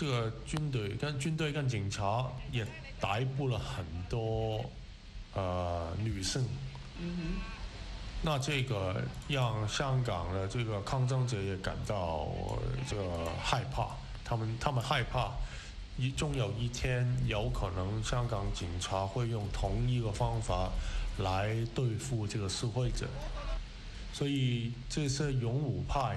這個軍隊跟軍隊跟警察也逮捕了很多呃女性。那這個讓香港的這個抗爭者也感到這個害怕。他們他們害怕，一終有一天有可能香港警察會用同一個方法來對付這個示威者。所以這是勇武派。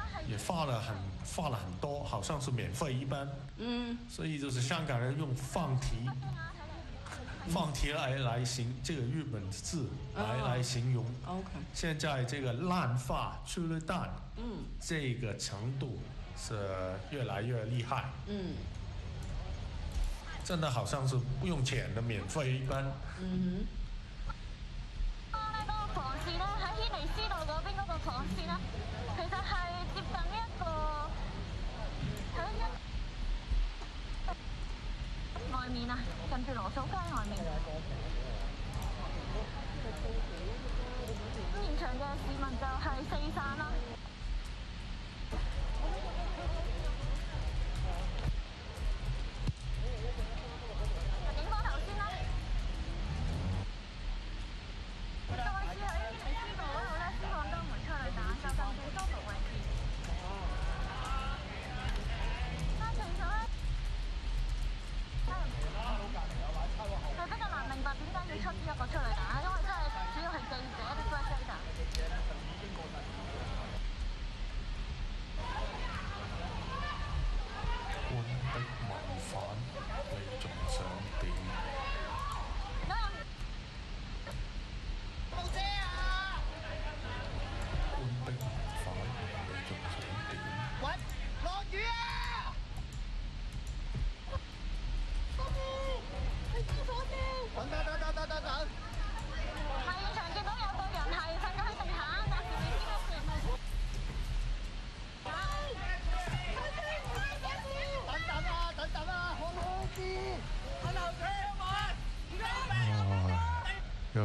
也發了很發了很多，好像是免費一般。嗯。所以就是香港人用放題，放題來、嗯、來形這個日本字來、oh，來形容。OK。現在這個濫發催淚彈，嗯，這個程度是越來越厲害。嗯。真的好像是不用錢的免費一般。嗯哼。啊，那個防線呢？喺軒 尼斯道嗰邊嗰個防線呢？外面啊，近住羅素街外面。現場嘅市民。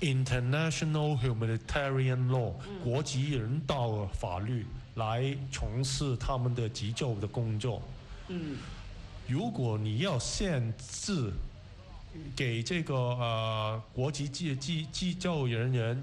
international humanitarian law，、嗯、國際人道法律，來從事他們的急救的工作。嗯，如果你要限制，給這個呃國際救救急救人員，